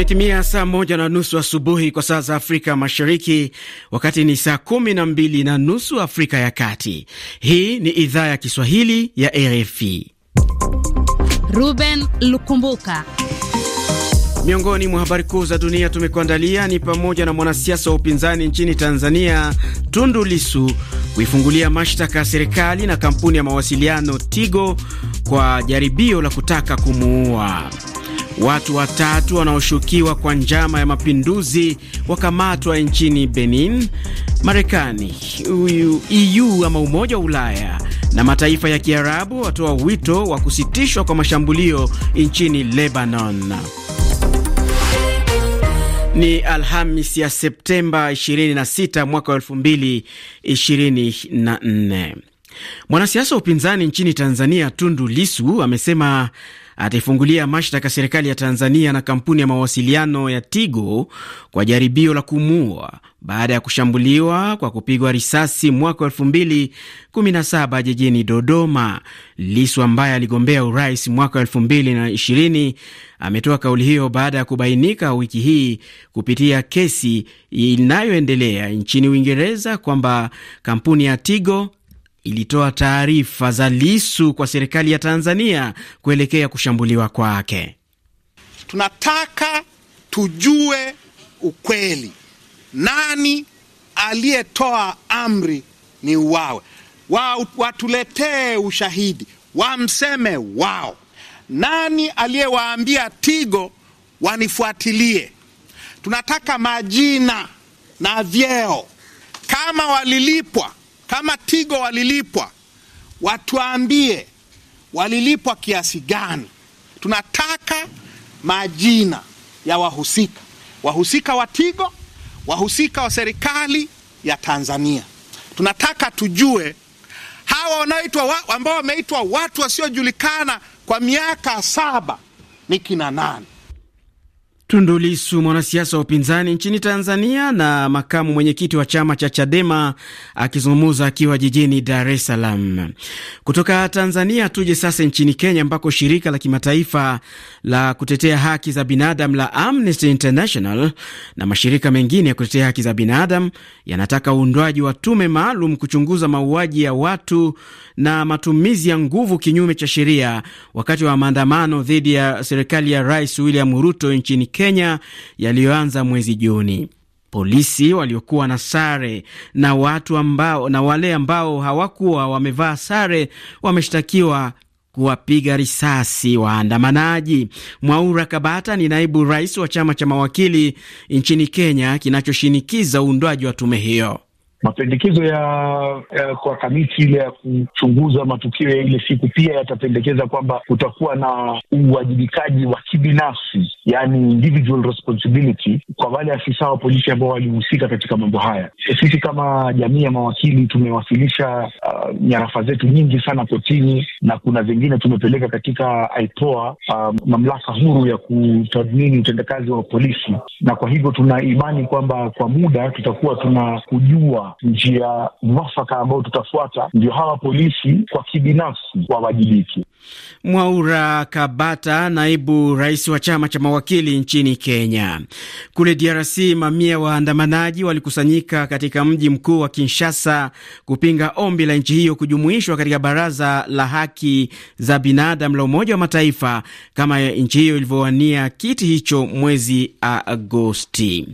Imetimia saa moja na nusu asubuhi kwa saa za Afrika Mashariki, wakati ni saa kumi na mbili na nusu Afrika ya Kati. Hii ni idhaa ya Kiswahili ya RFI. Ruben Lukumbuka. Miongoni mwa habari kuu za dunia tumekuandalia ni pamoja na mwanasiasa wa upinzani nchini Tanzania Tundu Lisu kuifungulia mashtaka ya serikali na kampuni ya mawasiliano Tigo kwa jaribio la kutaka kumuua. Watu watatu wanaoshukiwa kwa njama ya mapinduzi wakamatwa nchini Benin. Marekani, EU e ama Umoja wa Ulaya na mataifa ya Kiarabu watoa wito wa kusitishwa kwa mashambulio nchini Lebanon. Ni Alhamis ya Septemba 26 mwaka 2024. Mwanasiasa wa upinzani nchini Tanzania Tundu Lisu amesema ataifungulia mashtaka serikali ya Tanzania na kampuni ya mawasiliano ya Tigo kwa jaribio la kumuua baada ya kushambuliwa kwa kupigwa risasi mwaka wa 2017 jijini Dodoma. Lisu ambaye aligombea urais mwaka wa 2020 ametoa kauli hiyo baada ya kubainika wiki hii kupitia kesi inayoendelea nchini Uingereza kwamba kampuni ya Tigo ilitoa taarifa za Lisu kwa serikali ya Tanzania kuelekea kushambuliwa kwake. Tunataka tujue ukweli, nani aliyetoa amri ni uwawe? Wa, watuletee ushahidi, wamseme wao. Nani aliyewaambia Tigo wanifuatilie? Tunataka majina na vyeo, kama walilipwa kama Tigo walilipwa, watuambie walilipwa kiasi gani. Tunataka majina ya wahusika, wahusika wa Tigo, wahusika wa serikali ya Tanzania. Tunataka tujue hawa wanaoitwa ambao wameitwa watu wasiojulikana kwa miaka saba ni kina nani? Tundu Lisu, mwanasiasa wa upinzani nchini Tanzania na makamu mwenyekiti wa chama cha Chadema, akizungumza akiwa jijini Dar es Salaam. Kutoka Tanzania tuje sasa nchini Kenya, ambako shirika la kimataifa la kutetea haki za binadamu la Amnesty International na mashirika mengine ya kutetea haki za binadamu yanataka uundwaji wa tume maalum kuchunguza mauaji ya watu na matumizi ya nguvu kinyume cha sheria wakati wa maandamano dhidi ya serikali ya Rais William Ruto nchini Kenya. Kenya yaliyoanza mwezi Juni. Polisi waliokuwa na sare na watu ambao, na wale ambao hawakuwa wamevaa sare wameshtakiwa kuwapiga risasi waandamanaji. Mwaura Kabata ni naibu rais wa chama cha mawakili nchini Kenya kinachoshinikiza uundwaji wa tume hiyo. Mapendekezo ya, ya kwa kamiti ile ya kuchunguza matukio ya ile siku pia yatapendekeza kwamba kutakuwa na uwajibikaji wa kibinafsi, yani individual responsibility kwa wale afisa wa polisi ambao walihusika katika mambo haya. E, sisi kama jamii ya mawakili tumewasilisha uh, nyarafa zetu nyingi sana kotini na kuna zingine tumepeleka katika IPOA, uh, um, mamlaka huru ya kutathmini utendakazi wa polisi, na kwa hivyo tuna imani kwamba kwa muda tutakuwa tuna kujua njia mwafaka ambayo tutafuata, ndio hawa polisi kwa kibinafsi wawajibiki. Mwaura Kabata, naibu rais wa chama cha mawakili nchini Kenya. Kule DRC, mamia waandamanaji walikusanyika katika mji mkuu wa Kinshasa kupinga ombi la nchi hiyo kujumuishwa katika baraza la haki za binadamu la Umoja wa Mataifa kama nchi hiyo ilivyowania kiti hicho mwezi Agosti.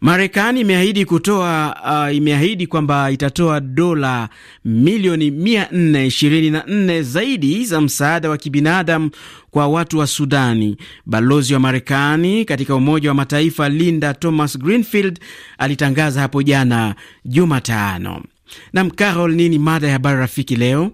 Marekani imeahidi kutoa uh, imeahidi kwamba itatoa dola milioni 424 zaidi za msaada wa kibinadamu kwa watu wa Sudani. Balozi wa Marekani katika Umoja wa Mataifa Linda Thomas Greenfield alitangaza hapo jana Jumatano. Nam Carol, nini mada ya habari rafiki leo?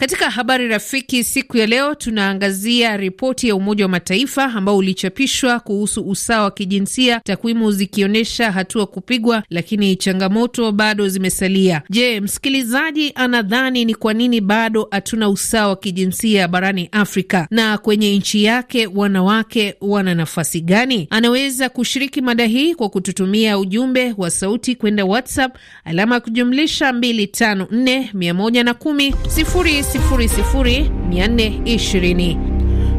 Katika habari rafiki siku ya leo tunaangazia ripoti ya Umoja wa Mataifa ambao ulichapishwa kuhusu usawa wa kijinsia, takwimu zikionyesha hatua kupigwa, lakini changamoto bado zimesalia. Je, msikilizaji anadhani ni kwa nini bado hatuna usawa wa kijinsia barani Afrika na kwenye nchi yake wanawake wana nafasi gani? Anaweza kushiriki mada hii kwa kututumia ujumbe wa sauti kwenda WhatsApp alama ya kujumlisha 254 110 000 ishirini.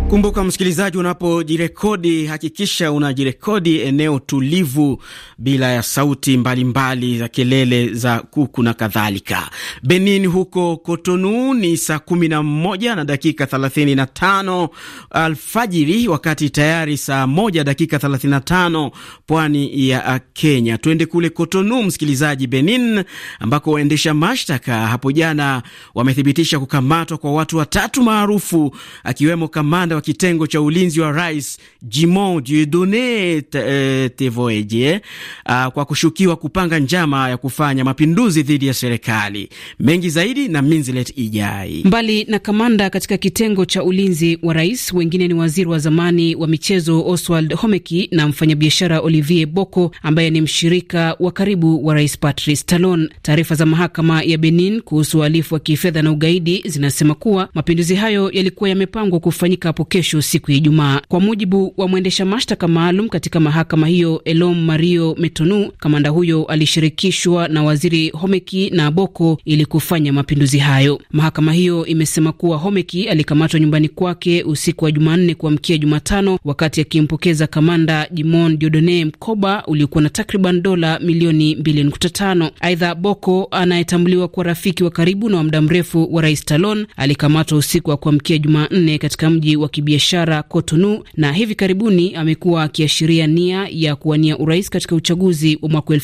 Kumbuka msikilizaji, unapojirekodi hakikisha unajirekodi eneo tulivu, bila ya sauti mbalimbali mbali za kelele za kuku na kadhalika. Benin huko Kotonu ni saa kumi na moja na dakika thelathini na tano alfajiri, wakati tayari saa moja dakika thelathini na tano pwani ya Kenya. Tuende kule Kotonu, msikilizaji, Benin ambako waendesha mashtaka hapo jana wamethibitisha kukamatwa kwa watu watatu maarufu akiwemo kamanda wa kitengo cha ulinzi wa rais Jimon Diodone te, eh, Tevoeje ah, kwa kushukiwa kupanga njama ya kufanya mapinduzi dhidi ya serikali. Mengi zaidi na Minzlet Ijai. Mbali na kamanda katika kitengo cha ulinzi wa rais, wengine ni waziri wa zamani wa michezo Oswald Homeki na mfanyabiashara Olivier Boko ambaye ni mshirika wa karibu wa rais Patrice Talon. Taarifa za mahakama ya Benin kuhusu uhalifu wa kifedha na ugaidi zinasema kuwa mapinduzi hayo yalikuwa yamepangwa kufanyika hapo kesho siku ya Ijumaa, kwa mujibu wa mwendesha mashtaka maalum katika mahakama hiyo Elom Mario Metonu. Kamanda huyo alishirikishwa na waziri Homeki na Boko ili kufanya mapinduzi hayo. Mahakama hiyo imesema kuwa Homeki alikamatwa nyumbani kwake usiku wa Jumanne kuamkia Jumatano wakati akimpokeza kamanda Jimon Diodone mkoba uliokuwa na takriban dola milioni 2.5. Aidha, Boko anayetambuliwa kuwa rafiki wa karibu na wa muda mrefu wa rais Talon alikamatwa usiku wa kuamkia Jumanne katika mji wa kibiashara Cotonou na hivi karibuni amekuwa akiashiria nia ya kuwania urais katika uchaguzi wa mwaka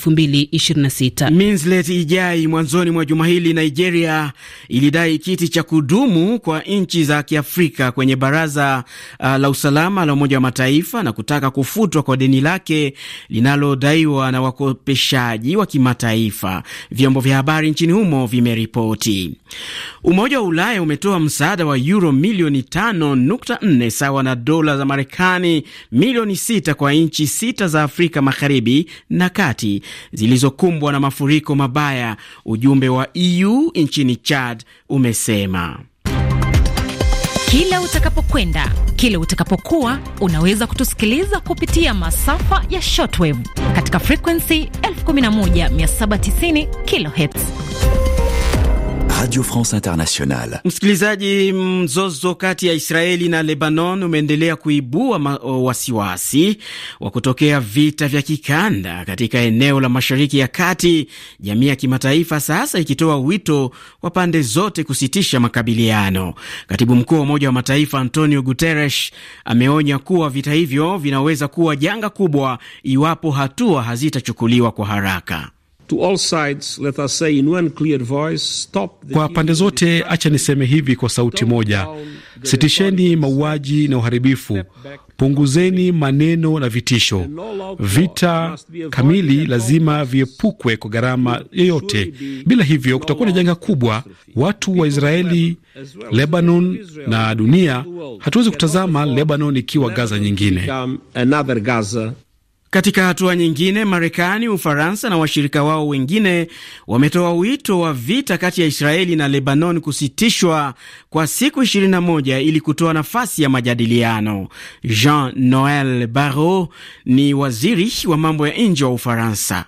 sita. Minslet Ijai. Mwanzoni mwa juma hili Nigeria ilidai kiti cha kudumu kwa nchi za Kiafrika kwenye baraza uh, la usalama la Umoja wa Mataifa na kutaka kufutwa kwa deni lake linalodaiwa na wakopeshaji wa kimataifa, vyombo vya habari nchini humo vimeripoti. Umoja wa Ulaya umetoa msaada wa euro milioni nne sawa na dola za Marekani milioni sita kwa nchi sita za Afrika Magharibi na kati zilizokumbwa na mafuriko mabaya, ujumbe wa EU nchini Chad umesema. Kila utakapokwenda, kila utakapokuwa, unaweza kutusikiliza kupitia masafa ya shortwave katika frekuensi 11790 kilohertz Radio France Internationale. Msikilizaji, mzozo kati ya Israeli na Lebanon umeendelea kuibua wasiwasi wa kutokea vita vya kikanda katika eneo la Mashariki ya Kati, jamii ya kimataifa sasa ikitoa wito kwa pande zote kusitisha makabiliano. Katibu mkuu wa Umoja wa Mataifa Antonio Guterres ameonya kuwa vita hivyo vinaweza kuwa janga kubwa iwapo hatua hazitachukuliwa kwa haraka. Kwa pande zote, acha niseme hivi kwa sauti moja: sitisheni mauaji na uharibifu, punguzeni maneno na vitisho. Vita kamili lazima viepukwe kwa gharama yoyote, bila hivyo kutakuwa na janga kubwa. Watu wa Israeli, Lebanon na dunia, hatuwezi kutazama Lebanon ikiwa Gaza nyingine. Katika hatua nyingine, Marekani, Ufaransa na washirika wao wengine wametoa wito wa vita kati ya Israeli na Lebanon kusitishwa kwa siku 21 ili kutoa nafasi ya majadiliano. Jean Noel Barrot ni waziri wa mambo ya nje wa Ufaransa.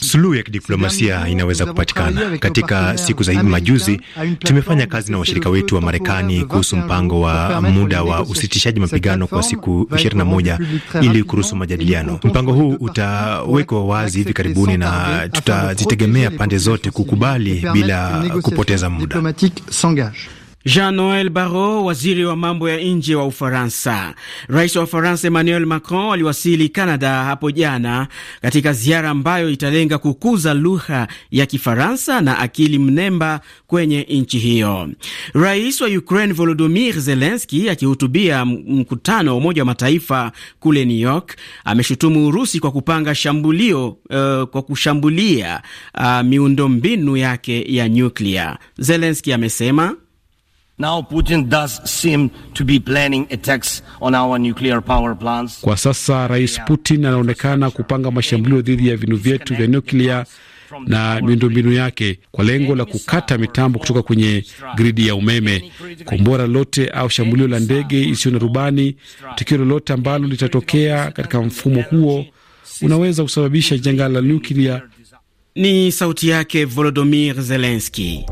Suluhu ya kidiplomasia inaweza kupatikana. Katika siku za hivi majuzi, tumefanya kazi na washirika wetu wa Marekani kuhusu mpango wa muda wa usitishaji mapigano kwa siku 21 ili kuruhusu majadiliano. Mpango huu utawekwa wazi hivi karibuni na tutazitegemea pande zote kukubali bila kupoteza muda. Jean-Noel Barrot, waziri wa mambo ya nje wa Ufaransa. Rais wa Ufaransa Emmanuel Macron aliwasili Canada hapo jana katika ziara ambayo italenga kukuza lugha ya Kifaransa na akili mnemba kwenye nchi hiyo. Rais wa Ukraine Volodymyr zelenski akihutubia mkutano wa Umoja wa Mataifa kule New York ameshutumu Urusi kwa kupanga shambulio, uh, kwa kushambulia uh, miundombinu yake ya nyuklia. Zelenski amesema Now Putin does seem to be planning attacks on our nuclear power plants. Kwa sasa Rais Putin anaonekana kupanga mashambulio dhidi ya vinu vyetu vya nuklia na miundombinu yake kwa lengo la kukata mitambo kutoka kwenye gridi ya umeme. Kombora lolote au shambulio la ndege isiyo na rubani, tukio lolote ambalo litatokea katika mfumo huo unaweza kusababisha janga la nyuklia. Ni sauti yake Volodymyr Zelensky.